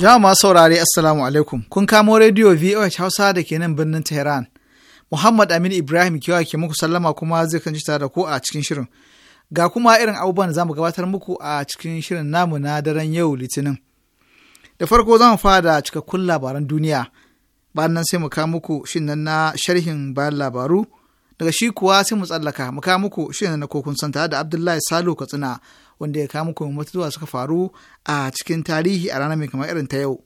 Jama'a saurari saurare Assalamu alaikum. Kun kamo rediyo VOH Hausa da ke nan birnin Tehran. Muhammad Aminu Ibrahim kewa ke muku sallama kuma zai kan tare da ku a cikin shirin. Ga kuma irin abubuwan da za mu gabatar muku a cikin shirin namu na daren yau Litinin. Da farko za mu fada cikakkun labaran duniya. Bayan nan sai mu kawo muku shin nan na sharhin bayan labaru. Daga shi kuwa sai mu tsallaka mu kawo muku shin na kokun santa da Abdullahi Salo Katsina wanda ya kama kuma mutuwa suka faru a cikin tarihi a ranar mai kamar irin ta yau.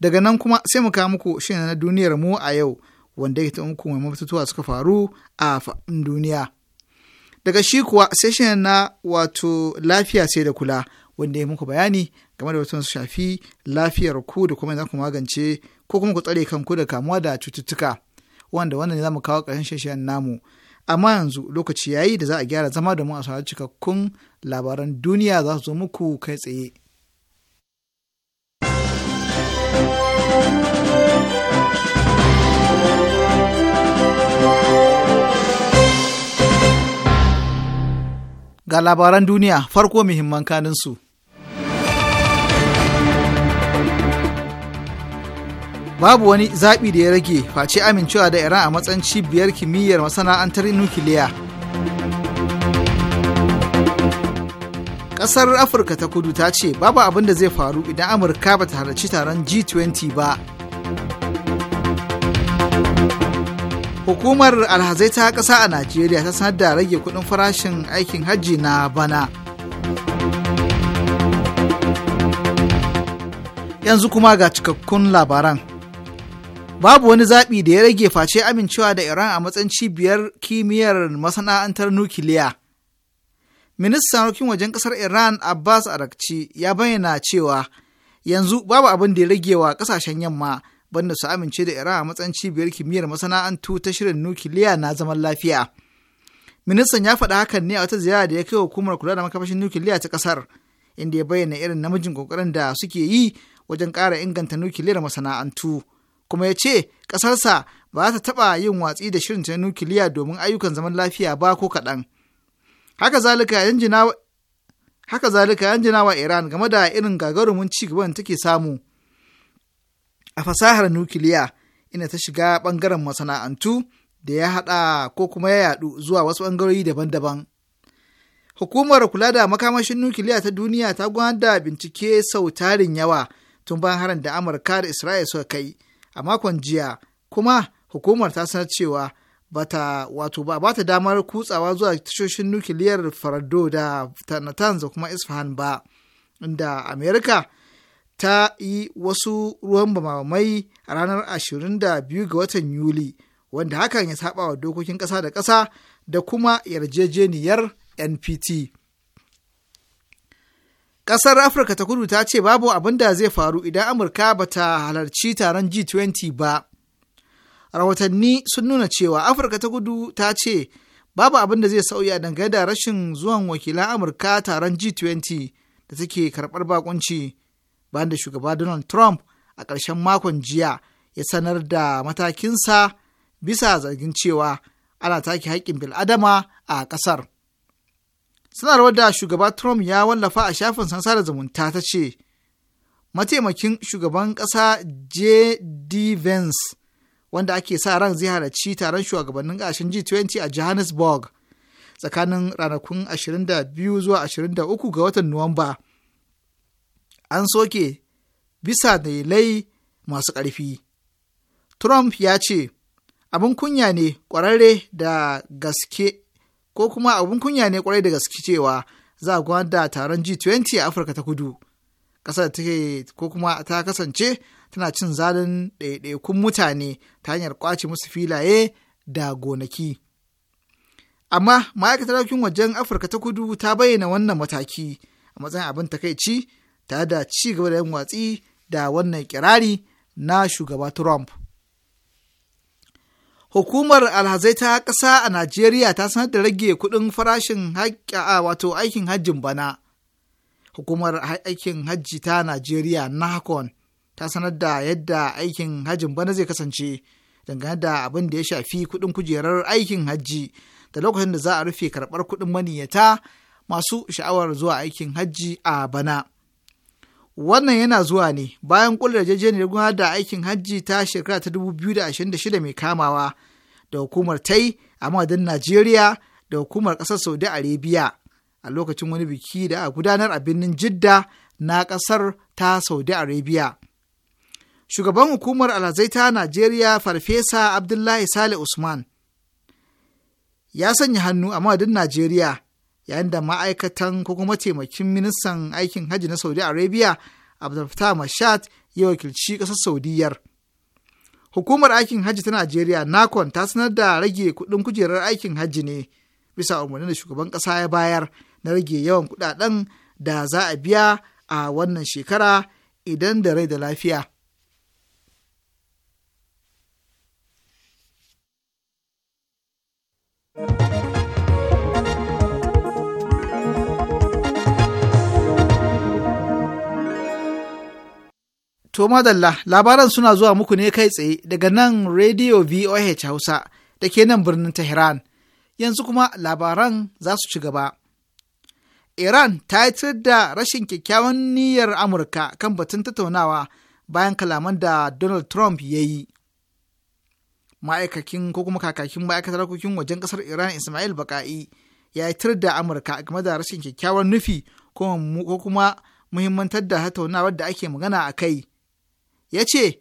Daga nan kuma sai mu kawo muku shi na duniyar mu a yau wanda ya taɓa muku mutuwa suka faru a faɗin duniya. Daga shi kuwa sai shi na wato lafiya sai da kula wanda ya muku bayani game da wasu shafi lafiyar ku da kuma za ku magance ko kuma ku tsare kanku da kamuwa da cututtuka. Wanda wannan ne za mu kawo ƙarshen shashen namu. amma yanzu lokaci yayi da za a gyara zama da mu a sauran cikakkun labaran duniya za su zo muku kai tsaye. Ga labaran duniya farko muhimman kaninsu. babu wani zaɓi da ya rage face amincewa da iran a matsayin cibiyar kimiyyar masana'antar nukiliya ƙasar afirka ta kudu ta ce babu abin da zai faru idan amurka ba ta halarci taron g20 ba hukumar alhazai ta ƙasa a najeriya ta sanar da rage kuɗin farashin aikin hajji na bana yanzu kuma ga cikakkun labaran babu wani zaɓi da ya rage face amincewa da Iran a matsayin cibiyar kimiyyar masana'antar nukiliya. Ministan harkokin wajen ƙasar Iran Abbas Arakci ya bayyana cewa yanzu babu abin da ya rage wa ƙasashen yamma banda su amince da Iran a matsayin cibiyar kimiyyar masana'antu ta shirin nukiliya na zaman lafiya. Ministan ya faɗa hakan ne a wata ziyara da ya kai hukumar kula da makafashin nukiliya ta ƙasar, inda ya bayyana irin namijin ƙoƙarin da suke yi wajen ƙara inganta nukiliyar masana'antu. kuma ya ce ƙasarsa ba ta taɓa yin watsi da shirin ta nukiliya domin ayyukan zaman lafiya ba ko kaɗan. Haka zalika 'yan jinawa Iran game da irin gagarumin ci gaban take samu a fasahar nukiliya ina ta shiga ɓangaren masana'antu da ya haɗa ko kuma ya yaɗu zuwa wasu ɓangarori daban-daban. Hukumar kula da makamashin nukiliya ta duniya ta gudanar da bincike sau tarin yawa tun bayan harin da Amurka da Isra'il suka kai a makon jiya kuma hukumar ta sanar cewa bata wato ba bata damar kutsawa zuwa tashoshin nukiliyar farado da natanz kuma isfahan ba inda amerika ta yi wasu ruwan bamamai a ranar 22 ga watan yuli wanda hakan ya saba wa dokokin ƙasa da ƙasa da kuma yarjejeniyar npt Ƙasar Afirka ta kudu ta ce babu abin da zai faru idan Amurka ba ta halarci taron G20 ba. Rahotanni sun nuna cewa Afirka ta kudu ta ce babu abin da zai sauya dangane da rashin zuwan wakilan Amurka taron G20 da take karɓar bakunci bayan da shugaba Donald Trump a ƙarshen makon jiya ya sanar da matakinsa bisa zargin cewa ana take haƙƙin bil'adama a ƙasar. sanarwar da shugaba trump ya wallafa a shafin sansara zumunta ta ce mataimakin shugaban ƙasa jd vance wanda ake sa ran zai halarci taron shugabannin ƙashin g20 a johannesburg tsakanin ranakun 22 zuwa 23 ga watan nuwamba an soke bisa dalilai masu ƙarfi trump ya ce abin kunya ne ƙwararre da gaske ko kuma abun kunya ne kwarai da gaske cewa za a gwada da taron G20 a Afirka ta Kudu. Ƙasar take ko kuma ta kasance tana cin zalin ɗaiɗaikun mutane ta hanyar ƙwace musu filaye da gonaki. Amma ma'aikatar harkokin wajen Afirka ta Kudu ta bayyana wannan mataki a matsayin abin takaici tare da ci gaba da yin watsi da wannan kirari na shugaba Trump. Hukumar alhazai ta ƙasa a Najeriya ta sanar da rage kuɗin farashin wato aikin hajjin bana. Hukumar aikin hajji ta Najeriya NAHCON ta sanar da yadda aikin hajjin bana zai kasance dangane da abin da ya shafi kuɗin kujerar aikin hajji da lokacin da za a rufe karɓar kuɗin maniyyata masu sha'awar zuwa aikin hajji a bana. Wannan yana zuwa ne bayan kula yarjejeniyar gudanar da aikin hajji ta shekara ta 2026 mai kamawa da hukumar tai a madadin Najeriya da hukumar ƙasar Saudi Arabia a lokacin wani biki da a gudanar a birnin Jidda na ƙasar ta Saudi Arabia. Shugaban hukumar alhazaita Najeriya Farfesa Abdullahi Sale Usman ya sanya hannu a madadin Najeriya yayin da ma'aikatan ko kuma taimakin ministan aikin hajji na saudi arabia abdulfatah mashat ya wakilci ƙasar saudiyar hukumar aikin hajji ta najeriya nakon ta sanar da rage kuɗin kujerar aikin hajji ne bisa umarnin da shugaban ƙasa ya bayar na rage yawan kuɗaɗen da za a biya a wannan shekara idan da rai da lafiya. To madalla labaran suna zuwa muku ne kai tsaye daga nan Radio VOH Hausa da ke nan birnin Tehran. Yanzu kuma labaran za su ci gaba. Iran ta yi da rashin kyakkyawan niyyar Amurka kan batun tattaunawa bayan kalaman da Donald Trump ya yi. Ma'aikakin ko kuma kakakin ma'aikatar harkokin wajen ƙasar Iran Ismail Baka'i ya yi da Amurka game da rashin kyakkyawan nufi ko kuma muhimmantar da tattaunawar da ake magana a kai. ya ce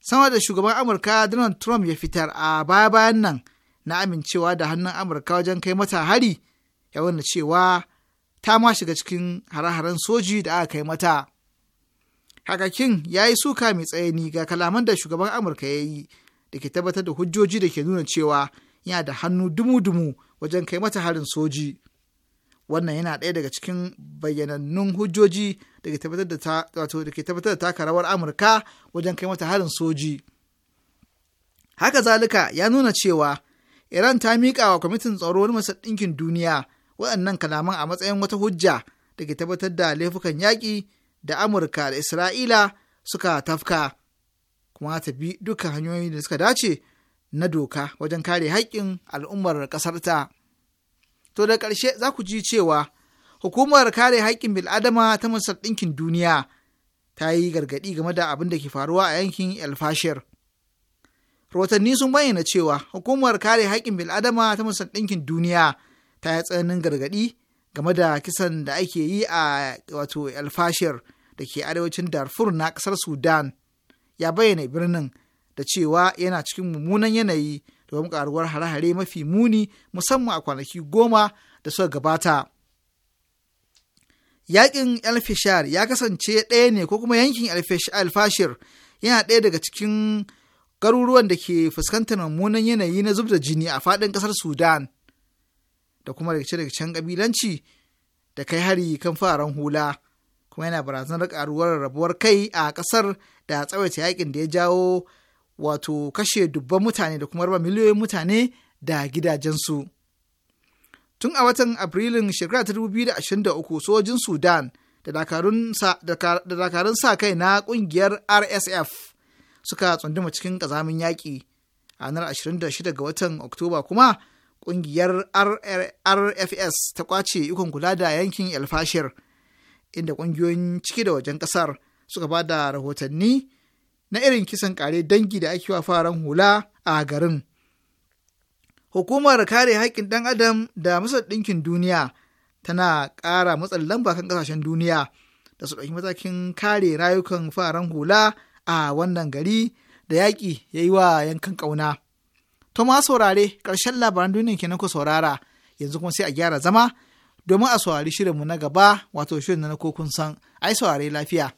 sama da shugaban amurka donald trump ya fitar a baya bayan nan na amincewa da hannun amurka wajen kai mata hari ya wanda cewa ta ma shiga cikin hare-haren soji da aka kai mata hakakin ya yi suka mai tsayani ga kalaman da shugaban amurka ya yi da ke tabbatar da hujjoji da ke nuna cewa yana da hannu dumu-dumu wajen kai mata harin soji wannan yana ɗaya daga cikin bayyanannun hujjoji da ke tabbatar da taka rawar Amurka wajen kai mata harin soji. Haka zalika ya nuna cewa Iran ta miƙa wa kwamitin tsaro na Masar Ɗinkin Duniya waɗannan kalaman a matsayin wata hujja da ke tabbatar da laifukan yaƙi da Amurka da Isra'ila suka tafka kuma ta bi dukkan hanyoyi da suka dace na doka wajen kare haƙƙin al'ummar ƙasarta. To da ƙarshe za ku ji cewa Hukumar kare haƙƙin bil'adama ta Masar Ɗinkin Duniya ta yi gargaɗi game da abin da ke faruwa a yankin El Fashir. Rahotanni sun bayyana cewa hukumar kare haƙƙin bil'adama ta Masar Ɗinkin Duniya ta yi tsananin gargaɗi game da kisan da ake yi a wato El da ke arewacin Darfur na ƙasar Sudan. Ya bayyana birnin da cewa yana cikin mummunan yanayi domin ƙaruwar hare-hare mafi muni musamman a kwanaki goma da suka gabata. yakin alfishar ya kasance ɗaya ne ko kuma yankin alfashir yana ɗaya daga cikin garuruwan da ke fuskantar mummunan yanayi na zub da jini a faɗin ƙasar sudan da kuma rikice-rikicen ƙabilanci da kai hari kan fararen hula kuma yana barazanar ƙaruwar rabuwar kai a ƙasar da tsawaita yakin da ya jawo wato kashe dubban mutane da kuma raba miliyoyin mutane da gidajensu. Tun a watan Afrilun shekara ta 2023 sojin Sudan da dakarun sa kai na ƙungiyar RSF suka tsunduma cikin ƙazamin yaƙi. A ranar 26 ga watan Oktoba kuma ƙungiyar RFS ta kwace ikon kula da yankin Elfashir, inda ƙungiyoyin ciki da wajen ƙasar suka ba da rahotanni na irin kisan kare dangi da ake wa faran hula a garin hukumar kare haƙƙin ɗan adam da masar ɗinkin duniya tana ƙara matsin lamba kan ƙasashen duniya da su ɗauki matakin kare rayukan faran hula a wannan gari da yaƙi ya yi wa yankan ƙauna. To ma saurare ƙarshen labaran duniya kenan ku saurara yanzu kuma sai a gyara zama domin a saurari shirinmu na gaba wato shirin na kokun san ai saurare lafiya.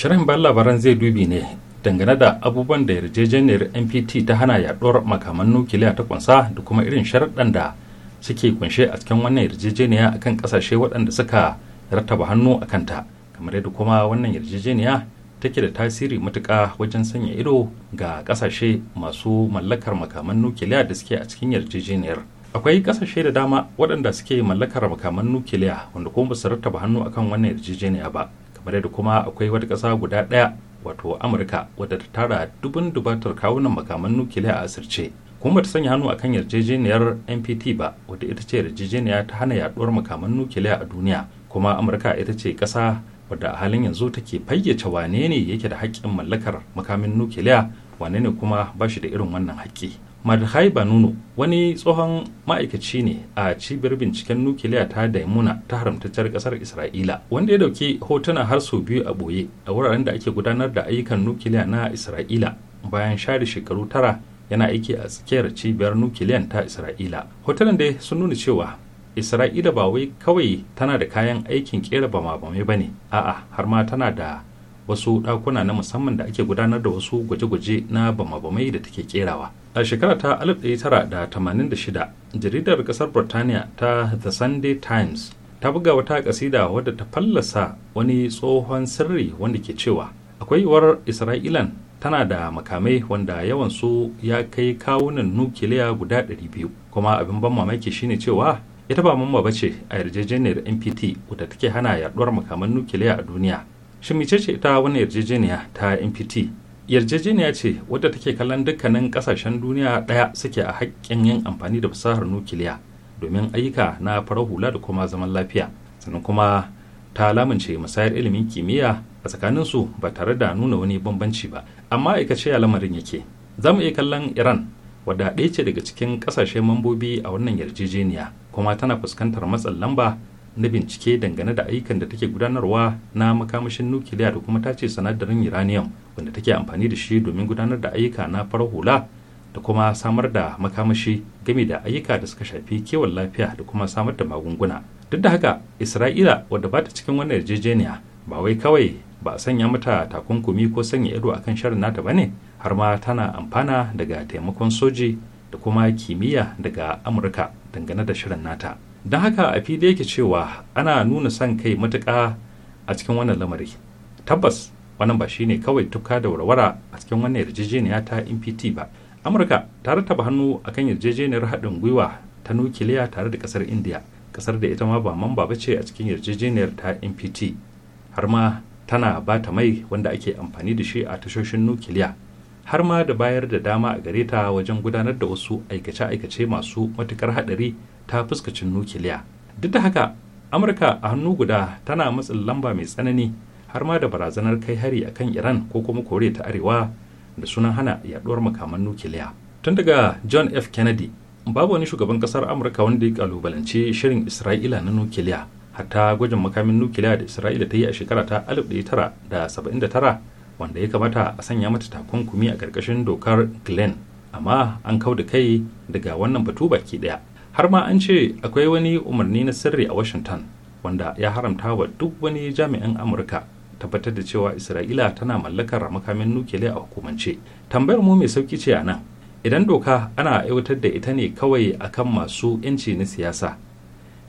sharhin ban labaran zai dubi ne dangane da abubuwan da yarjejeniyar npt ta hana yaduwar makaman nukiliya ta kunsa da kuma irin sharaɗan da suke kunshe a cikin wannan yarjejeniya akan kasashe waɗanda suka rattaba hannu a kanta kamar yadda kuma wannan yarjejeniya take da tasiri matuka wajen sanya ido ga ƙasashe masu mallakar makaman nukiliya da suke a cikin yarjejeniyar akwai ƙasashe da dama waɗanda suke mallakar makaman nukiliya wanda kuma ba su rattaba hannu akan wannan yarjejeniya ba kamar yadda kuma akwai wata ƙasa guda ɗaya wato amurka wadda ta tara dubin dubatar kawunan makaman nukiliya a asirce kuma bata sanya hannu akan yarjejeniyar npt ba wadda ita ce yarjejeniya ta hana yaduwar makaman nukiliya a duniya kuma amurka ita ce ƙasa wadda a halin yanzu take fayyace wane ne yake da haƙƙin mallakar makamin nukiliya wane ne kuma ba shi da irin wannan haƙƙi madhai banuno wani tsohon ma'aikaci ne a cibiyar binciken nukiliya ta daimuna ta haramtacciyar kasar isra'ila wanda ya dauki hotuna har sau biyu a boye a wuraren da ake gudanar da ayyukan nukiliya na isra'ila bayan share shekaru tara yana aiki a tsakiyar cibiyar nukiliyan ta isra'ila hotunan dai sun nuna cewa isra'ila ba wai kawai tana da kayan aikin kera bama bame ba ne a'a har ma tana da wasu ɗakuna na musamman da ake gudanar da wasu gwaje-gwaje na bama-bamai da take kerawa a shekara ta 1986 jaridar kasar burtaniya ta the sunday times ta buga wata kasida wadda ta fallasa wani tsohon sirri wanda ke cewa akwai yiwuwar isra'ilan tana da makamai wanda yawansu ya kai kawunan nukiliya guda 200 kuma abin ban mamaki shine cewa ita ba mamba bace a yarjejeniyar npt wadda take hana yaduwar makaman nukiliya a duniya Shin mecece ta wani yarjejeniya ta NPT? Yarjejeniya ce wadda take kallon dukkanin kasashen duniya ɗaya suke a haƙƙin yin amfani da fasahar nukiliya domin ayyuka na farar hula da kuma zaman lafiya. Sannan kuma ta lamunce musayar ilimin kimiyya a tsakanin su ba tare da nuna wani bambanci ba. Amma aikace ce lamarin yake. Za mu iya kallon Iran wadda ɗaya ce daga cikin ƙasashe mambobi a wannan yarjejeniya kuma tana fuskantar matsin lamba na bincike dangane da ayyukan da take gudanarwa na makamashin nukiliya da kuma tace sanadarin uranium wanda take amfani da shi domin gudanar da ayyuka na farar hula da kuma samar da makamashi game da ayyuka da suka shafi kewan lafiya da kuma samar da magunguna duk da haka isra'ila wadda ba ta cikin wannan yarjejeniya ba wai kawai ba a sanya mata takunkumi ko sanya ido akan shirin nata ba ne har ma tana amfana daga taimakon soji da kuma kimiyya daga amurka dangane da shirin nata don haka a fili yake cewa ana nuna son kai matuƙa a cikin wannan lamari tabbas wannan ba shi ne kawai tuka da warwara a cikin wannan yarjejeniya ta npt ba amurka ta rattaba hannu a kan yarjejeniyar haɗin gwiwa ta nukiliya tare da ƙasar india ƙasar da ita ma ba mamba ba ce a cikin yarjejeniyar ta npt har ma tana ba ta mai wanda ake amfani da shi a tashoshin nukiliya har ma da bayar da dama a gare ta wajen gudanar da wasu aikace-aikace masu matukar haɗari ta fuskacin nukiliya duk da haka amurka a hannu guda tana matsin lamba mai tsanani har ma da barazanar kai hari a kan iran ko kuma kore ta arewa da sunan hana yaduwar makaman nukiliya tun daga john f kennedy babu wani shugaban kasar amurka wanda ya kalubalance shirin isra'ila na nukiliya hatta gwajin makamin nukiliya da isra'ila ta yi a shekara ta 1979 wanda ya kamata a sanya mata takunkumi a ƙarƙashin dokar glenn amma an kau da kai daga wannan batu baki ɗaya har ma an ce akwai wani umarni na sirri a washington wanda ya haramta wa duk wani jami'in amurka tabbatar da cewa isra'ila tana mallakar makamin nukiliya a hukumance tambayar mu mai sauki ce a nan idan doka ana aiwatar da ita ne kawai akan masu 'yanci na siyasa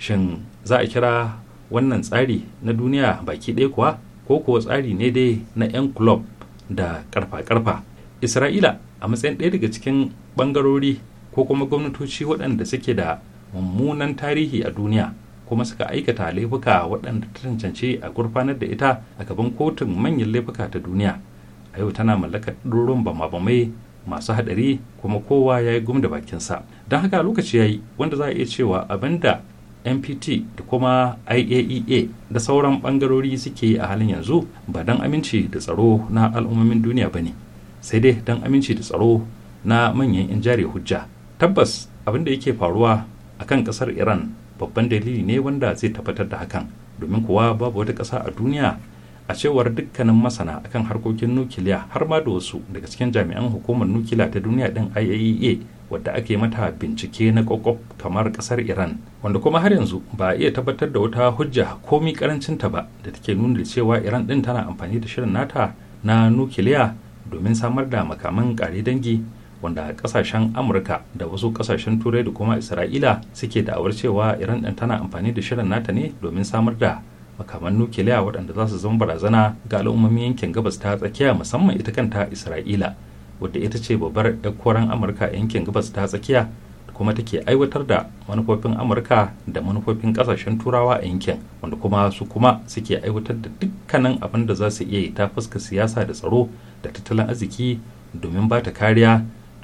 shin za a kira wannan tsari na duniya baki ɗaya kuwa ko kuwa tsari ne dai na 'yan kulob da karfa-karfa isra'ila a matsayin ɗaya daga cikin ɓangarori ko kuma gwamnatoci waɗanda suke da mummunan tarihi a duniya kuma suka aikata laifuka waɗanda ta cancanci a gurfanar da ita a gaban kotun manyan laifuka ta duniya a yau tana mallakar ɗururun bama-bamai masu haɗari kuma kowa ya yi gum da bakinsa don haka lokaci ya yi wanda za a iya cewa abinda npt da kuma iaea e da sauran bangarori suke yi a halin yanzu ba don aminci da tsaro na al'ummomin duniya ba ne sai dai don aminci da tsaro na manyan 'yan jari hujja tabbas abin da yake faruwa a kan kasar iran babban dalili ne wanda zai tabbatar da hakan domin kuwa babu wata kasa a duniya a cewar dukkanin masana akan harkokin nukiliya har ma da wasu daga cikin jami'an hukumar nukiliya ta duniya din iaea e wadda ake mata bincike na kokop kamar kasar iran wanda kuma har yanzu ba a iya tabbatar da wata hujja komi karancin ta ba da take nuna da cewa iran din tana amfani da shirin nata na nukiliya domin samar da makaman kare dangi wanda kasashen amurka da wasu kasashen turai da kuma isra'ila suke da'awar cewa iran ɗin tana amfani da shirin nata ne domin samar da makaman nukiliya waɗanda za su zama barazana ga al'ummomin yankin gabas ta tsakiya musamman ita kanta isra'ila wadda ita ce babbar yakkoran amurka yankin gabas ta tsakiya kuma take aiwatar da manufofin amurka da manufofin kasashen turawa a yankin wanda kuma su kuma suke aiwatar da dukkanin abin da za su iya yi ta fuska siyasa da tsaro da tattalin arziki domin ba ta kariya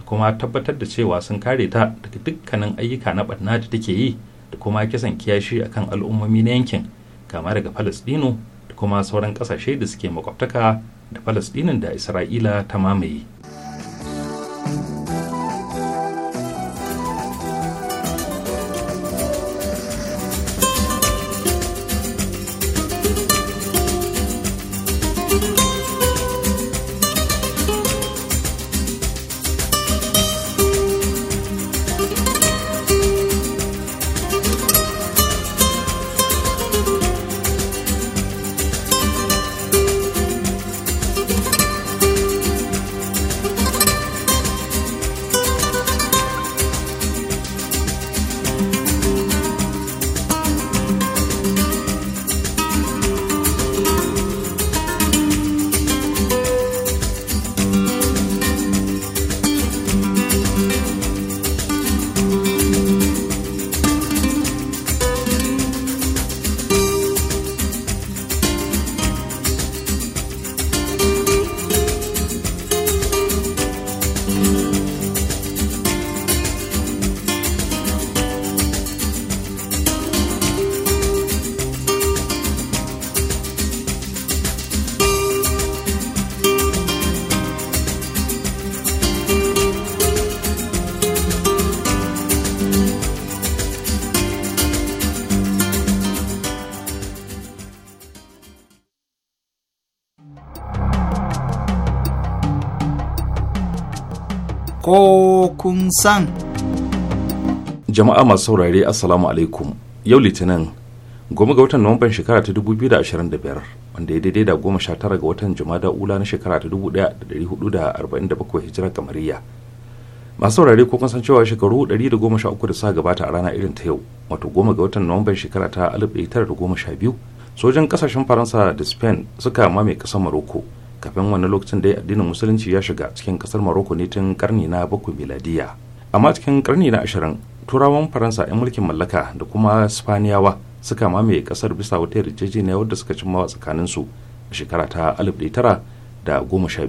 kuma tabbatar da cewa sun kare ta daga dukkanin ayyuka na barna da take yi da kuma kisan kiyashi a kan al'ummomi na yankin kama daga Falasdino, da kuma sauran kasashe da suke makwabtaka da falasdinin da isra'ila ta mamaye ko kun san. Jama'a masu saurare Assalamu alaikum yau litinin goma ga watan Nuwamban shekara ta 2025 wanda ya daidai da goma sha tara ga watan Jumada Ula na shekara ta 1447 hijira kamariya. Masu saurare ko kun san cewa shekaru 113 da sa gabata a rana irin ta yau wato goma ga watan Nuwamban shekara ta 1912 sojan kasashen Faransa da Spain suka mame kasar Morocco kafin wani lokacin da addinin musulunci ya shiga cikin kasar maroko ne tun karni na bakwai miladiya amma cikin karni na ashirin turawan faransa 'yan mulkin mallaka da kuma spaniyawa suka mamaye kasar bisa wata yarjejeniya wadda suka cimma tsakanin su a shekara ta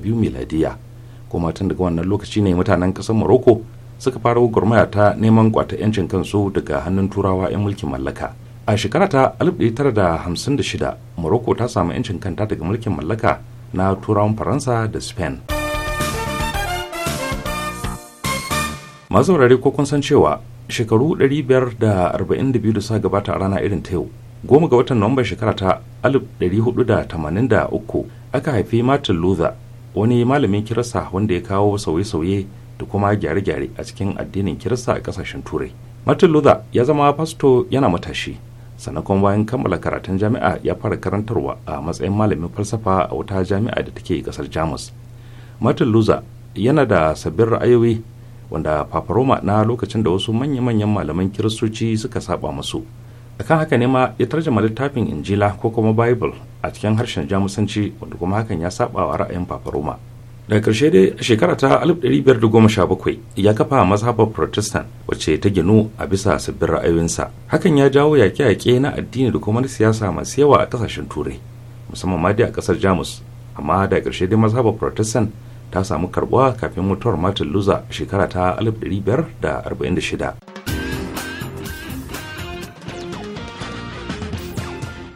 biyu miladiya kuma tun daga wannan lokaci ne mutanen kasar maroko suka fara gwagwarmaya ta neman kwata 'yancin kansu daga hannun turawa 'yan mulkin mallaka a shekara ta 1956 maroko ta samu 'yancin kanta daga mulkin mallaka na turawan faransa da spain wurare ko kun san cewa shekaru 542 da suka gabata a rana irin ta yau goma ga watan nuwamba shekara ta 1483 aka haifi martin luther wani malamin kirista wanda ya kawo sauye-sauye da kuma gyare-gyare a cikin addinin kirista a kasashen turai martin luther ya zama fasto yana matashi sanakon bayan kammala karatun jami'a ya fara karantarwa a matsayin malamin falsafa a wata jami'a da take kasar jamus martin luther yana da sabbin ra'ayoyi wanda paparoma na lokacin da wasu manya-manyan malaman kiristoci suka saba musu akan haka ne ma ya tarjama littafin injila ko kuma bible a cikin harshen jamusanci wanda kuma hakan ya saba wa ra'ayin roma daga ƙarshe dai shekara ta 1517 ya kafa mazhabar protestant wacce ta ginu a bisa sabbin ra'ayoyinsa hakan ya jawo yaƙe-yaƙe na addini da kuma na siyasa masu yawa a ƙasashen turai musamman ma dai a ƙasar jamus amma daga karshe dai mazhabar protestant ta samu karbuwa kafin mutuwar martin luther shekara ta 1546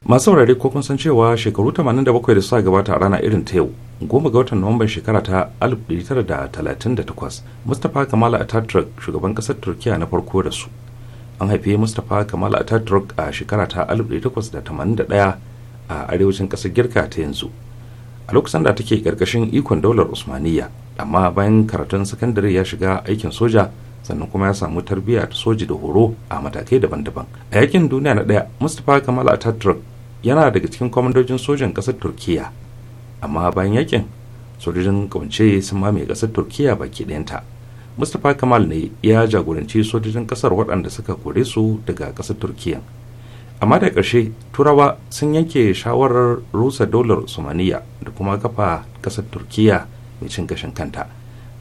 masu saurare ko kun san cewa shekaru 87 da suka gabata a rana irin ta yau goma ga watan nuwamban shekara ta 1938 mustapha kamal ataturk shugaban kasar turkiya na farko da su an haife mustapha kamal ataturk a shekara ta 1881 a arewacin kasar girka ta yanzu a lokacin da take karkashin ikon daular usmaniya amma bayan karatun sakandare ya shiga aikin soja sannan kuma ya samu tarbiyya ta soji da horo a matakai daban-daban a yakin duniya na daya mustapha kamal ataturk yana daga cikin kwamandojin sojan kasar turkiya amma bayan yakin sojojin kawance sun mamaye kasar turkiya baki ɗayanta mustapha kamal ne ya jagoranci sojojin kasar waɗanda suka kore su daga kasar turkiya amma da ƙarshe turawa sun yanke shawarar rusa dolar somaniya da kuma kafa kasar turkiya mai cin gashin kanta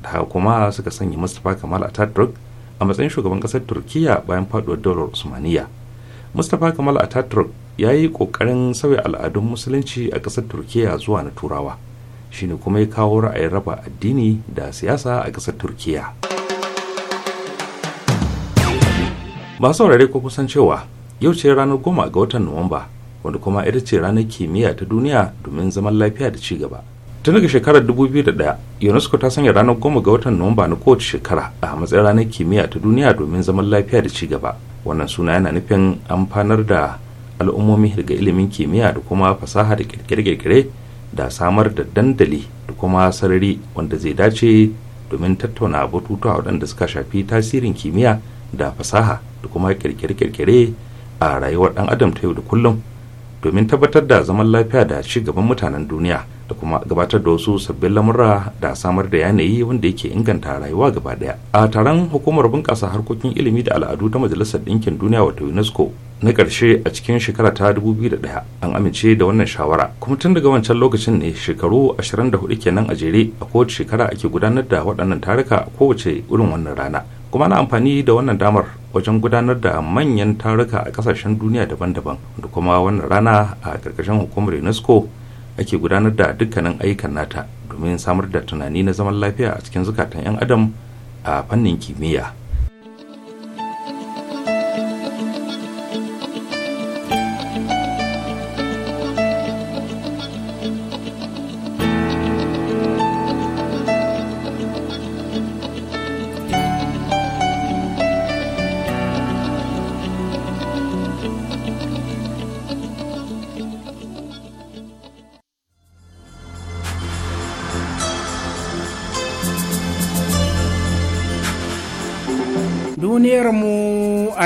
da haka kuma suka sanya mustapha kamal a tatruk a matsayin shugaban kasar turkiya bayan faduwar dolar somaniya mustapha kamal a tatruk ya yi ƙoƙarin sauya al'adun musulunci a ƙasar turkiya zuwa na turawa shi ne kuma ya kawo ra'ayin raba addini da siyasa a ƙasar turkiya masu saurare ko kusan cewa yau ce ranar goma ga watan nuwamba wanda kuma ita ce ranar kimiyya ta duniya domin zaman lafiya da ci gaba tun daga shekarar 2001 unesco ta sanya ranar goma ga watan nuwamba na kowace shekara a matsayin ranar kimiyya ta duniya domin zaman lafiya da ci gaba wannan suna yana nufin amfanar da al'ummomi daga ilimin kimiyya da kuma fasaha da kirkire-kirkire da samar da dandali da kuma sarari wanda zai dace domin tattauna batutuwa waɗanda suka shafi tasirin kimiyya da fasaha da kuma kirkire-kirkire a rayuwar ɗan adam ta yau da kullum domin tabbatar da zaman lafiya da ci gaban mutanen duniya da kuma gabatar da wasu sabbin lamura da samar da yanayi wanda yake inganta rayuwa gaba daya a taron hukumar bunƙasa harkokin ilimi da al'adu ta majalisar ɗinkin duniya wato unesco na ƙarshe a cikin shekara ta 2001 an amince da wannan shawara kuma tun daga wancan lokacin ne shekaru 24 kenan a jere a kowace shekara ake gudanar da waɗannan taruka kowace irin wannan rana kuma na amfani da wannan damar wajen gudanar da manyan taruka a ƙasashen duniya daban-daban da kuma wannan rana a ƙarƙashin hukumar unesco ake gudanar da dukkanin ayyukan nata domin samar da tunani na zaman lafiya a cikin zukatan 'yan adam a fannin kimiyya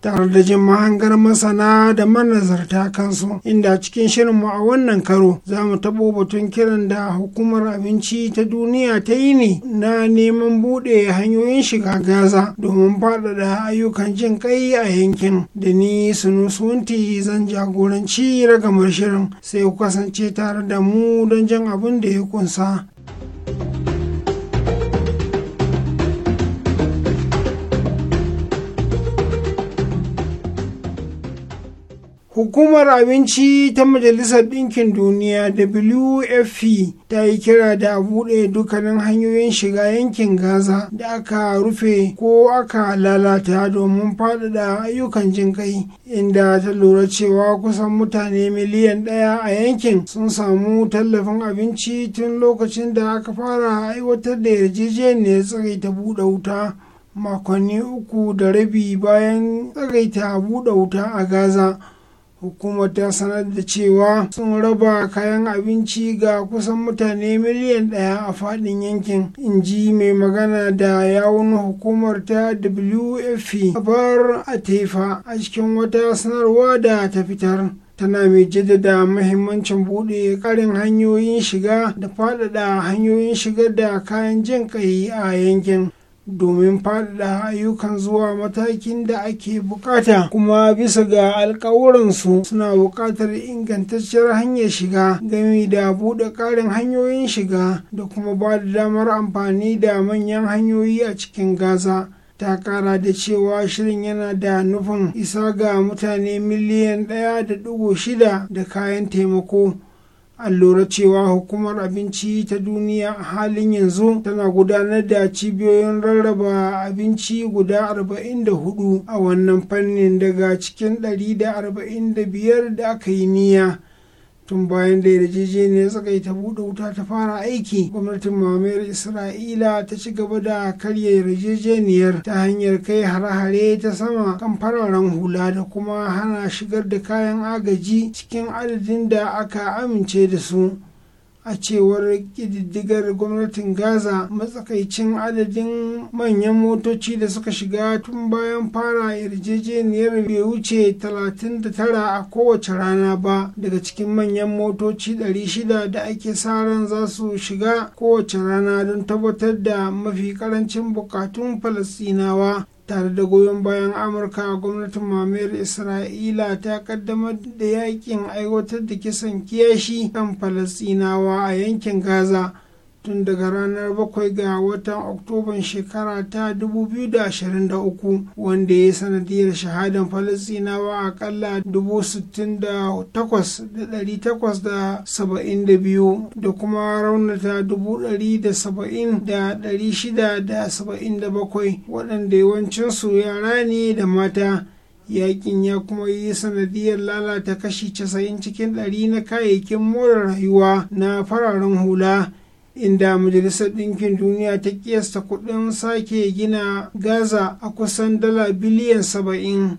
tare da jin mahangar masana da manazarta kansu inda cikin shirinmu a wannan karo za mu tabo batun kiran da hukumar abinci ta duniya ta yi ne na neman buɗe hanyoyin shiga gaza domin faɗaɗa ayyukan jin kai a yankin da ni sunusunti zan jagoranci ragamar shirin sai ku kasance tare da mu don jan abin da ya kunsa. Hukumar Abinci ta Majalisar Ɗinkin Duniya WFP ta yi kira da a buɗe dukkanin hanyoyin shiga yankin Gaza da aka rufe ko aka lalata domin faɗaɗa ayyukan jin kai inda ta lura cewa kusan mutane miliyan ɗaya a yankin sun samu tallafin abinci tun lokacin da aka fara aiwatar da yarjejeniyar tsirai ta buɗe wuta. makonni uku da rabi bayan tsagaita buɗe wuta a gaza hukumar ta sanar da cewa sun raba kayan abinci ga kusan mutane miliyan ɗaya a faɗin yankin in ji mai magana da yawun hukumar ta wfp bar a tefa a cikin wata sanarwa da ta fitar tana mai jaddada mahimmancin buɗe karin hanyoyin shiga da faɗaɗa hanyoyin shigar da kayan jin ƙai a yankin domin faɗaɗa ayyukan zuwa matakin da ake bukata kuma bisa ga alkawuransu suna buƙatar ingantacciyar hanyar shiga gami da buɗe ƙarin hanyoyin shiga da kuma ba da damar amfani da manyan hanyoyi a cikin gaza ta kara da cewa shirin yana da nufin isa ga mutane miliyan ɗaya da dubu shida da kayan taimako an lura cewa hukumar abinci ta duniya a halin yanzu tana gudanar da cibiyoyin rarraba abinci guda 44 a wannan fannin daga cikin 145 da aka yi niyya tun bayan da yarjejeniyar suka ta buɗe wuta ta fara aiki gwamnatin mamayar isra'ila ta ci gaba da karya yarjejeniyar ta hanyar kai hare-hare ta sama kan fararen hula da kuma hana shigar da kayan agaji cikin adadin da aka amince da su a cewar kididdigar gwamnatin gaza matsakaicin adadin manyan motoci da suka shiga tun bayan fara yarjejeniyar bai wuce 39 a kowace rana ba daga cikin manyan motoci 600 da ake sa ran za su shiga kowace rana don tabbatar da mafi karancin bukatun falasinawa tare da goyon bayan amurka gwamnatin mamayar isra'ila ta kaddamar da yakin aiwatar da kisan kiyashi kan falasinawa a yankin gaza tun daga ranar 7 ga watan oktoban shekara ta 2023 wanda ya yi sanadiyar shahadan falasinawa akalla 68,872 da kuma raunata 170,677 waɗanda yawancinsu yara ne da mata yakin ya kuma yi sanadiyar lalata kashi 90 cikin 100 na kayayyakin more rayuwa na fararen hula inda majalisar ɗinkin duniya ta kiyasta kuɗin sake gina gaza a kusan dala biliyan saba'in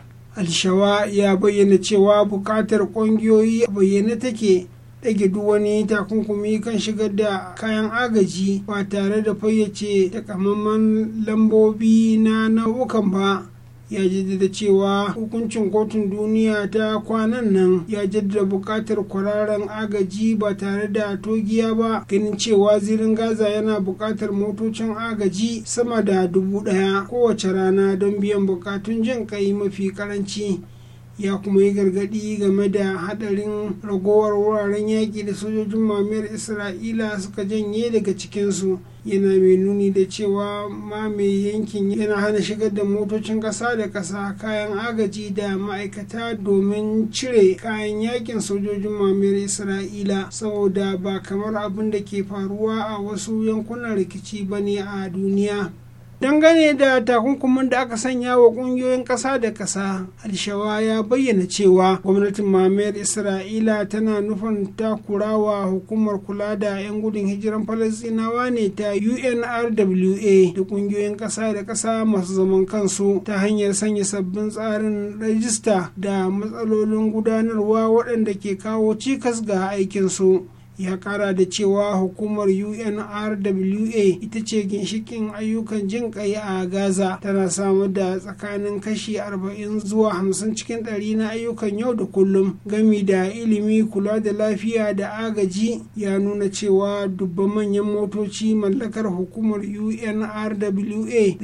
alshawa ya bayyana cewa bukatar ƙungiyoyi a bayyane take ɗage duk wani takunkumi kan shigar da kayan agaji ba tare da fayyace takamaiman lambobi na nau'ukan ba ya jaddada cewa hukuncin kotun duniya ta kwanan nan ya jaddada buƙatar kwararren agaji ba tare da togiya ba ganin cewa zirin gaza yana buƙatar motocin agaji sama da dubu ɗaya kowace rana don biyan buƙatun jin kai mafi ƙaranci ya kuma yi gargaɗi game da haɗarin ragowar wuraren yaƙi da sojojin mamayar isra'ila suka janye daga cikinsu yana mai nuni da cewa ma mai yankin yana hana shigar da motocin ƙasa da ƙasa kayan agaji da ma'aikata domin cire kayan yakin sojojin mamayar isra'ila saboda ba kamar abin da ke faruwa a wasu yankunan rikici bane a duniya dangane da takunkumin da aka sanya wa kungiyoyin ƙasa da ƙasa alshawa ya bayyana cewa gwamnatin mamayar isra'ila tana nufin takurawa hukumar kula da 'yan gudun hijiran falasinawa ne ta unrwa da kungiyoyin ƙasa da ƙasa masu zaman kansu ta hanyar sanya sabbin tsarin rajista da matsalolin gudanarwa waɗanda ke kawo cikas ga aikinsu ya kara da cewa hukumar unrwa ita ce ginshikin ayyukan jin kai a gaza tana samar da tsakanin kashi 40 zuwa 50 cikin ɗari na ayyukan yau da kullum gami da ilimi kula da lafiya da agaji ya nuna cewa dubban manyan motoci mallakar hukumar unrwa da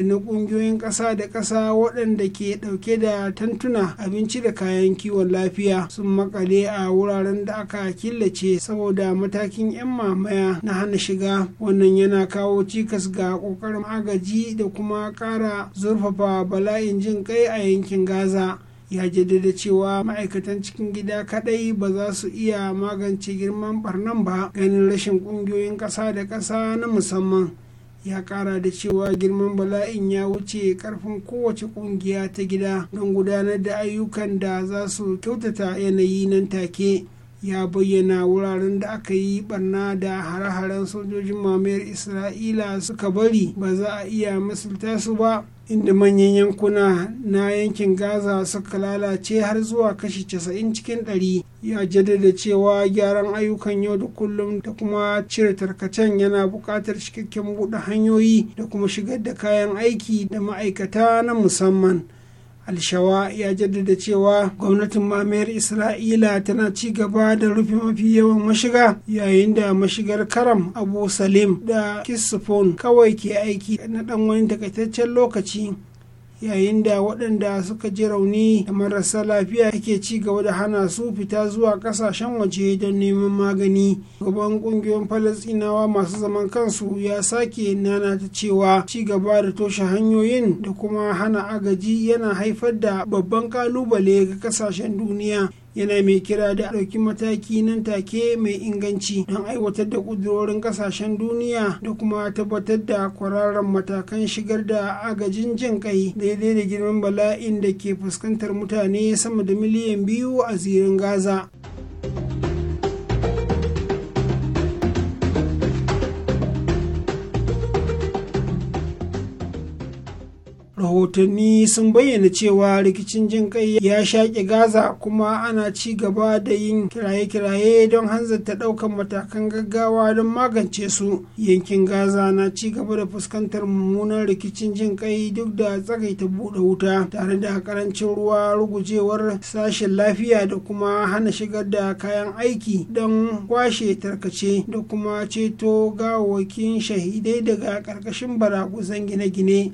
na ƙungiyoyin ƙasa da ƙasa waɗanda ke ɗauke da tantuna abinci da kayan kiwon lafiya sun makale a wuraren da aka killace saboda matakin 'yan mamaya na hana shiga wannan yana kawo cikas ga kokarin agaji da kuma kara zurfafa bala'in jin kai a yankin gaza ya jaddada cewa ma'aikatan cikin gida kadai ba za su iya magance girman barnan ba ganin rashin kungiyoyin kasa da kasa na musamman ya kara da cewa girman bala'in ya wuce karfin kowace kungiya ta gida don gudanar da ayyukan da za su kyautata yanayi nan take ya bayyana wuraren da aka yi barna da hare-haren sojojin mamayar isra'ila suka bari ba za a iya misalta su ba inda manyan yankuna na yankin gaza suka lalace har zuwa kashi 90 cikin 100 ya jaddada cewa gyaran ayyukan yau da kullum da kuma cire tarkacen yana buƙatar cikakken buɗe hanyoyi da kuma shigar da kayan aiki da ma'aikata na musamman alshawa ya jaddada cewa gwamnatin mamayar isra'ila tana ci gaba da rufe mafi yawan mashiga yayin da mashigar karam abu salim da kisifon kawai ke aiki na dan wani takaitaccen lokaci yayin da waɗanda suka ji rauni da marasa lafiya yake ci gaba da hana su fita zuwa ƙasashen waje don neman magani gaban ƙungiyoyin falasinawa masu zaman kansu ya sake nana ta cewa ci gaba da toshe hanyoyin da kuma hana agaji yana haifar da babban ƙalubale ga ƙasashen duniya yana mai kira da ɗauki mataki nan take mai inganci don aiwatar da ƙudurorin ƙasashen duniya da kuma tabbatar da kwararren matakan shigar da agajin jin kai daidai da girman bala'in da ke fuskantar mutane sama da miliyan biyu a zirin gaza. rahotanni sun bayyana cewa rikicin jin kai ya shaƙe gaza kuma ana ci gaba da yin kiraye-kiraye don hanzarta ɗaukar matakan gaggawa don magance su yankin gaza na ci gaba da fuskantar mummunan rikicin jin kai duk da tsagaita buɗe wuta tare da karancin ruwa rugujewar sashen lafiya da kuma hana shigar da kayan aiki don kwashe tarkace da kuma ceto gawakin shahidai daga ƙarƙashin baraguzan gine-gine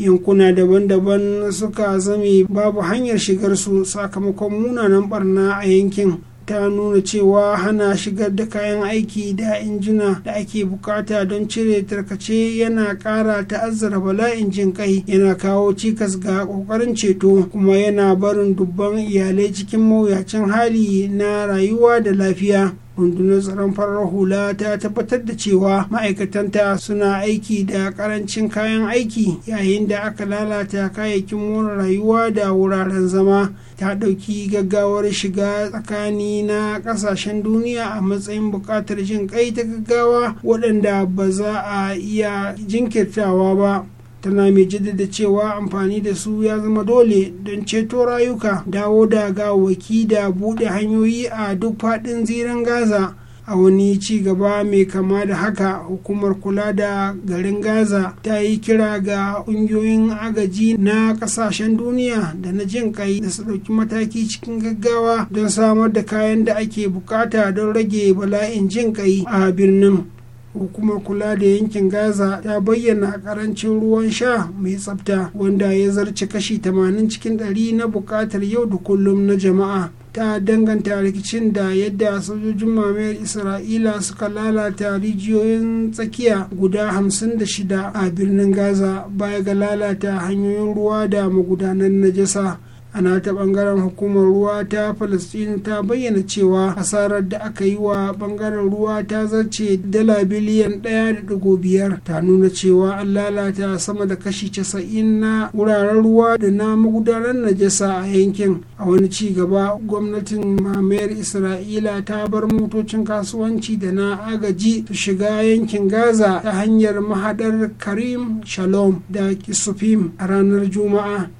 yankuna daban-daban suka zame babu hanyar shigarsu sakamakon munanan barna a yankin ta nuna cewa hana shigar da kayan aiki da injina da ake bukata don cire tarkace yana kara ta'azzara bala'in jin kai yana kawo cikas ga kokarin ceto kuma yana barin dubban iyalai cikin mawuyacin hali na rayuwa da lafiya rundunar tsaron farar hula ta tabbatar da cewa ma'aikatanta suna aiki da karancin kayan aiki yayin da aka lalata kayayyakin more rayuwa da wuraren zama ta ɗauki gaggawar shiga tsakani na ƙasashen duniya a matsayin buƙatar jin kai ta gaggawa waɗanda ba za a iya jinkirtawa ba tana mai jaddada cewa amfani da su ya zama dole don ceto rayuka dawo da gawaki da buɗe hanyoyi a duk faɗin zirin gaza a wani ci gaba mai kama da haka hukumar kula da garin gaza ta yi kira ga ƙungiyoyin agaji na ƙasashen duniya da na jin kai da su ɗauki mataki cikin gaggawa don samar da kayan da ake bukata don rage bala'in jin kai a birnin hukumar kula da yankin gaza ta bayyana a karancin ruwan sha mai tsabta wanda ya zarci kashi 80 cikin 100 na bukatar yau da kullum na jama'a ta danganta rikicin da yadda sojojin mamayar isra'ila suka lalata rijiyoyin tsakiya guda 56 a birnin gaza baya ga lalata hanyoyin ruwa da magudanan najasa a ta bangaren hukumar ruwa ta palestine ta bayyana cewa hasarar da aka yi wa bangaren ruwa ta zarce dala biliyan da biyar. ta nuna cewa an lalata sama da kashi casa'in na wuraren ruwa da na magudanar najasa a yankin a wani ci gaba gwamnatin mamayar isra'ila ta bar motocin kasuwanci da na agaji su shiga yankin gaza ta hanyar mahadar karim shalom da kisufim a ranar juma'a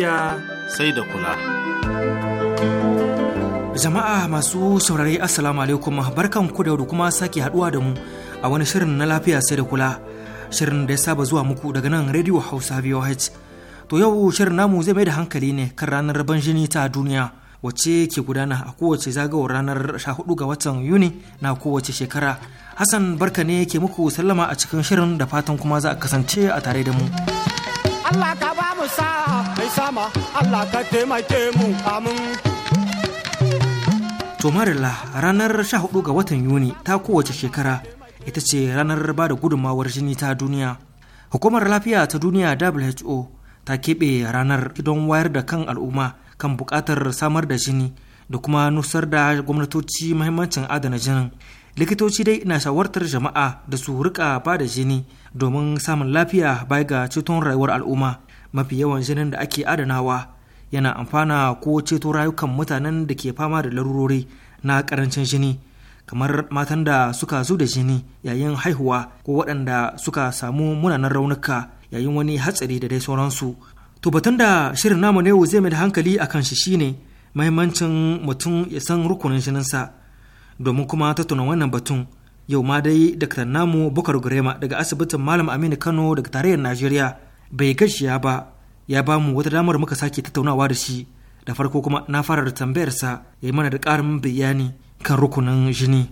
lafiya sai da kula. Jama'a masu saurari Assalamu alaikum barkan ku da kuma sake haduwa da mu a wani shirin na lafiya sai da kula. Shirin da ya saba zuwa muku daga nan Radio Hausa VOH. To yau shirin namu zai mai da hankali ne kan ranar ban jini ta duniya. wace ke gudana a kowace zagawar ranar 14 ga watan Yuni na kowace shekara. Hassan barka ne ke muku sallama a cikin shirin da fatan kuma za a kasance a tare da mu. Allah ka ba mu sa'a sama Allah ka taimake mu amin. To marilla ranar 14 ga watan Yuni ta kowace shekara ita ce ranar ba da gudunmawar jini ta duniya. Hukumar lafiya ta duniya WHO ta keɓe ranar don wayar da kan al'umma kan buƙatar samar da jini da kuma nusar da gwamnatoci mahimmancin adana jinin. likitoci dai na shawartar jama'a da su rika ba da jini domin samun lafiya baya ga ceton rayuwar al'umma mafi yawan jinin da ake adanawa yana amfana ko ceto rayukan mutanen da ke fama da larurori na karancin jini kamar matan da suka zo da jini yayin haihuwa ko waɗanda suka samu munanan raunuka yayin wani hatsari da dai sauransu to batun da shirin namu na yau zai mai da hankali a kan shi shine mahimmancin mutum ya san rukunin jininsa domin kuma tattauna wannan batun yau ma dai daktar namu bukar gurema daga asibitin malam aminu kano daga tarayyar najeriya bai ya ba ya ba mu wata damar muka sake tattaunawa da shi da farko kuma na fara da tambayarsa ya yi mana da ƙarin bayani kan rukunin jini.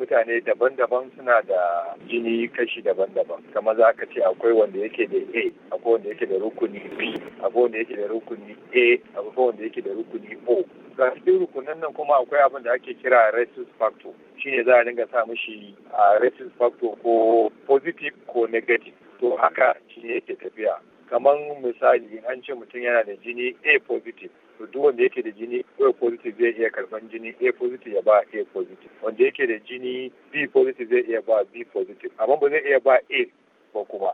mutane daban-daban suna da jini kashi daban-daban kamar za ka ce akwai wanda yake da a akwai wanda yake da rukuni b akwai wanda yake da rukuni a akwai wanda yake da rukuni o ga cikin rukunin nan kuma akwai abin da ake kira rhesus factor shine za a dinga sa mishi a rhesus factor ko positive ko negative to haka ne yake tafiya kamar misali an ce mutum yana da jini a positive to duk wanda yake da jini a positive zai iya karban jini a positive ya ba a positive wanda yake da jini b positive zai iya ba b positive amma ba zai iya ba a ba kuma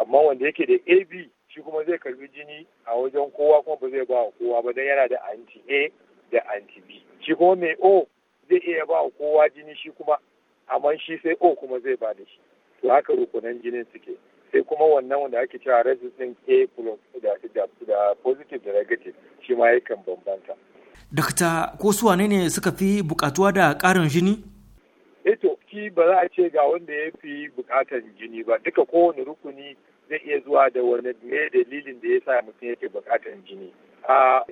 amma wanda yake da ab shi kuma zai karbi jini a wajen kowa kuma ba zai ba wa kowa ba dan yana da anti a da anti b shi kuma mai o zai iya ba wa kowa jini shi kuma amma shi sai o kuma zai ba da shi to haka rukunan jinin suke sai kuma wannan wanda ake cewa resis a plus da, da, positive da negative shi ma yakan bambanta dakta ko su wane ne suka fi bukatuwa da karin jini eto eh shi ba za a ce ga wanda ya fi bukatar jini ba duka kowane rukuni zai iya zuwa da wani ne dalilin da ya sa mutum yake bukatar jini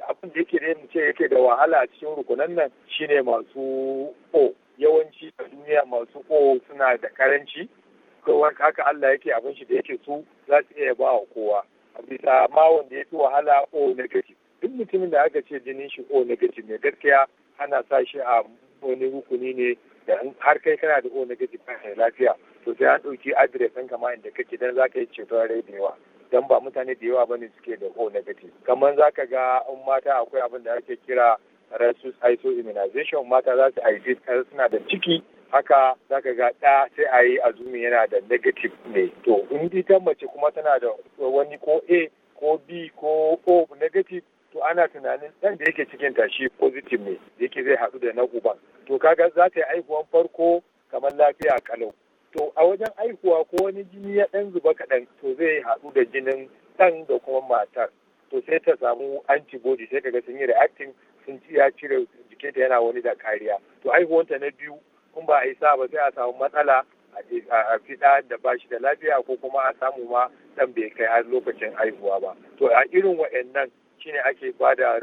abin da yake da ce yake da wahala a cikin rukunan nan shine masu o yawanci a duniya masu o suna da karanci kowa haka Allah yake abin shi da yake su za su iya ba wa kowa a bisa ma wanda ya fi wahala o negative duk mutumin da aka ce jinin shi o negative ne gaskiya ana sa shi a wani rukuni ne da har kai kana da o negative kan lafiya to sai an ɗauki adres ɗin kama inda kake dan za ka yi ceton rai da yawa dan ba mutane da yawa ba ne suke da o negative kamar za ka ga in mata akwai abin da ake kira rasus iso immunization mata za su haifi suna da ciki haka zaka ga ɗa sai a yi azumi yana da negative ne to in ita mace kuma tana da wani ko a ko b ko o negative to ana tunanin ɗan da yake cikin tashi positive ne yake zai haɗu da na uban to kaga za ta yi aihuwan farko kamar lafiya kalau to a wajen aihuwa ko wani jini ya ɗan zuba kaɗan to zai haɗu da jinin ɗan da kuma matar to sai ta samu antibody sai kaga sun yi reacting sun ci ya cire jikinta yana wani da kariya to aihuwanta na biyu in ba a yi sa ba sai a samu matsala a fiɗa da ba shi da lafiya ko kuma a samu ma dan bai kai har lokacin haihuwa ba to a irin shi shine ake ba da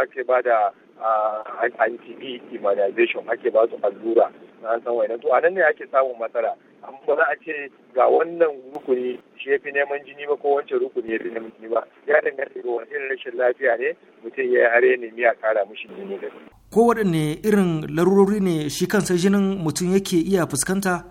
ake ba da anti immunization ake ba su allura na san wa'annan to a nan ne ake samun matsala amma ba za a ce ga wannan rukuni shi ya fi neman jini ba ko wancan rukuni ya fi neman jini ba ya danganta ga wani irin rashin lafiya ne mutum ya yi are nemi a kara mushi jini da ko waɗanne irin larurori ne shi kansa jinin mutum yake iya fuskanta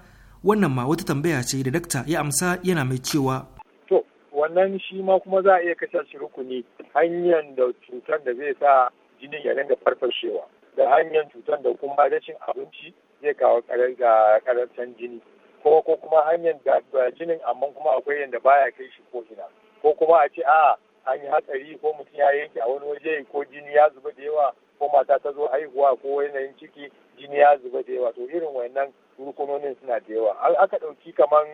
wannan ma wata tambaya ce da dakta ya amsa yana mai cewa to wannan shi ma kuma za a iya kashe shi rukuni hanyar da cutar da zai sa jinin ya dinga farfashewa da hanyar cutar da kuma rashin abinci zai kawo karancin jini ko ko kuma hanyar da jinin amma kuma akwai yadda baya kai shi ko ina ko kuma a ce a an yi hatsari ko mutum ya yanke a wani waje ko jini ya zuba da yawa ko mata ta zo haihuwa ko yanayin ciki jini ya zuba da yawa to irin wannan rukunonin suna da yawa aka ɗauki kamar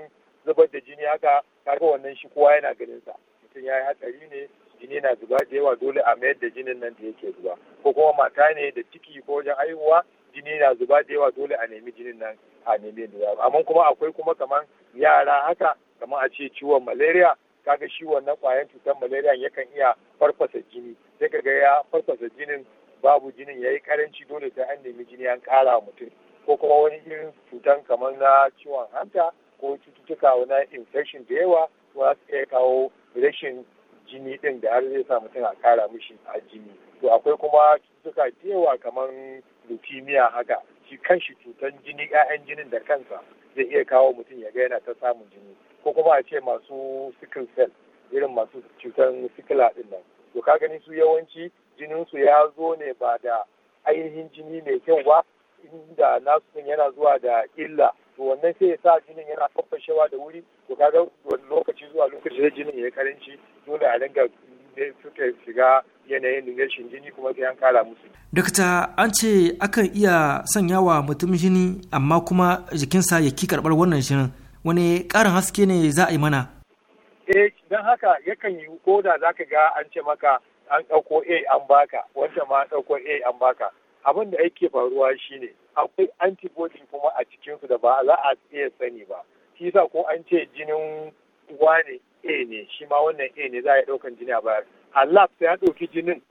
zubar da jini haka kaga wannan shi kowa yana ganin sa mutum ya yi hatsari ne jini na zuba da yawa dole a mayar da jinin nan da yake zuba ko kuma mata ne da ciki ko wajen haihuwa jini na zuba da yawa dole a nemi jinin nan a nemi amma kuma akwai kuma kamar yara haka kaman a ce ciwon malaria kaga shi wannan kwayan cutar malaria yakan iya farfasa jini sai kaga ya farfasa jinin babu jinin yayi karanci dole sai an nemi jini an kara mutum ko kuma wani irin cutan kamar na ciwon hanta ko cututtuka na infection da yawa za su iya kawo rashin jini din da har zai sa mutum a kara mishi a jini to akwai kuma cututtuka da yawa kamar leukemia haka shi kanshi cutan jini 'ya'yan jinin da kansa zai iya kawo mutum ya ga yana ta samun jini ko kuma a ce masu sickle cell irin masu cutan sikila din nan to ka gani su yawanci jinin su ya zo ne ba da ainihin jini mai kyau ba inda nasu din yana zuwa da illa to wannan sai ya sa jinin yana farfashewa da wuri to kaga wani lokaci zuwa lokaci da jinin ya karanci dole a dinga suka shiga yanayin rashin jini kuma sai an kara musu. Dakta an ce akan iya sanya wa mutum jini amma kuma jikinsa ya ki karɓar wannan jinin wani ƙarin haske ne za a yi mana. Eh don haka yakan yi ko da za ka ga an ce maka an ɗauko A an baka wanda ma an ɗauko A an baka abin da yake faruwa shine akwai antibody kuma a cikinsu da ba za a iya sani ba. Shi ko an ce jinin wane a ne shi ma wannan a ne za a yi ɗaukan jini a bayar a lab sai an ɗauki jinin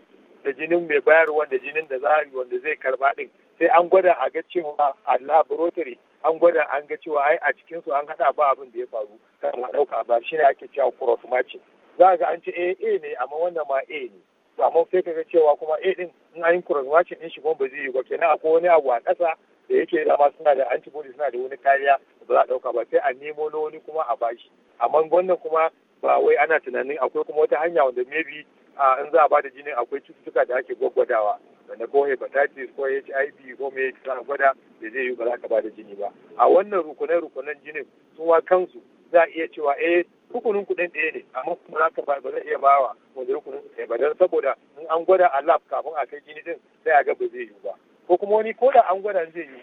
da jinin mai bayar wanda jinin da za a yi wanda zai karba ɗin sai an gwada a ga cewa a laboratory an gwada an ga cewa ai a cikin su an haɗa ba abin da ya faru kan a ɗauka ba shi ne ake cewa cross matching za ga an ce a eh, a ne amma wannan ma a ne to amma sai ga cewa kuma a din in an yi cross matching din shi kuma ba zai yi ba kenan akwai wani abu a ƙasa da yake dama suna da antibodies suna da wani kariya ba za a ɗauka ba sai a nemo na wani kuma a bashi amma wannan kuma ba wai ana tunanin akwai kuma wata hanya wanda maybe in za a bada jini akwai cututtuka da ake gwaggwadawa wanda ko hepatitis ko HIV ko me za a gwada da zai yi ba za ka bada jini ba a wannan rukunan rukunan jinin sun wa kansu za a iya cewa eh rukunin kuɗin ɗaya ne amma kuma za ka ba zai iya bawa wanda rukunin ɗaya ba don saboda in an gwada a lab kafin a kai jini din sai a ga ba zai yi ba ko kuma wani ko da an gwada zai yi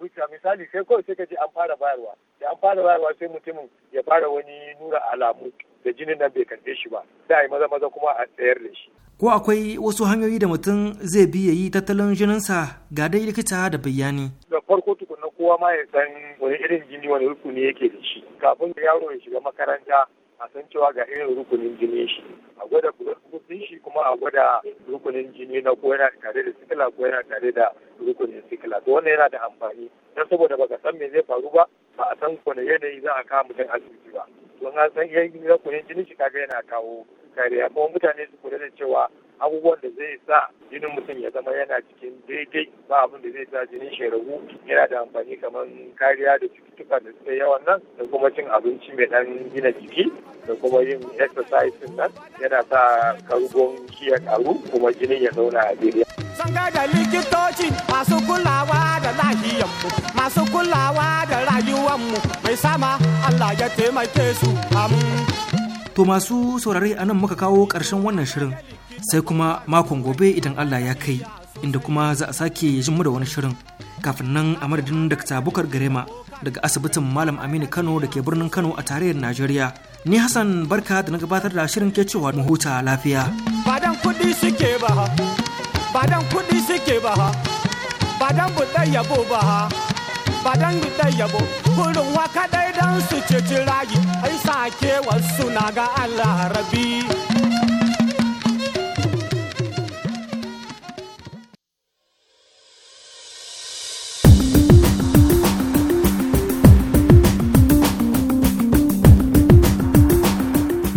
bisa misali sai kawai sai ka ji an fara bayarwa da an fara bayarwa sai mutumin ya fara wani nura alamu da jinin nan bai karɓe shi ba sai a yi maza maza kuma a tsayar da shi. ko akwai wasu hanyoyi da mutum zai bi ya yi tattalin jininsa ga dai likita da bayani. da farko tukunna kowa ma ya san wani irin jini wani rukuni yake da shi kafin yaro ya shiga makaranta a san cewa ga irin rukunin jini shi a gwada rukunin shi kuma a gwada rukunin jini na ko yana tare da sikila ko yana tare da rukunin sikila to wannan yana da amfani Idan saboda baka san me zai faru ba ba a san kwane yanayi za a kawo mutum asibiti ba don an san yayin rukunin jini shi kaga yana kawo kariya kuma mutane su kula da cewa abubuwan da zai sa jinin mutum ya zama yana cikin daidai ba abin da zai sa jinin shi ragu yana da amfani kamar kariya da cututtuka da suke yawan nan da kuma cin abinci mai dan gina jiki da kuma yin exercise nan yana sa karugon shi ya karu kuma jinin ya zauna a daidai. ga da likitoci masu kulawa da mu masu kulawa da mu mai sama Allah ya taimake su To masu saurare a nan muka kawo ƙarshen wannan shirin sai kuma makon gobe idan Allah ya kai inda kuma za a sake jin mu da wani shirin kafin nan a madadin Dr. Bukar Garema daga asibitin Malam Aminu Kano da ke birnin Kano a tarayyar Najeriya. Ni Hassan Barka da na gabatar da shirin ke cewa mu huta lafiya. Badan kudi suke ba ha, badan kudi suke ba ha, badan yabo ba ha, badan yabo, waka ɗaya don su ceci rayu, ai sake wasu na ga Allah rabi.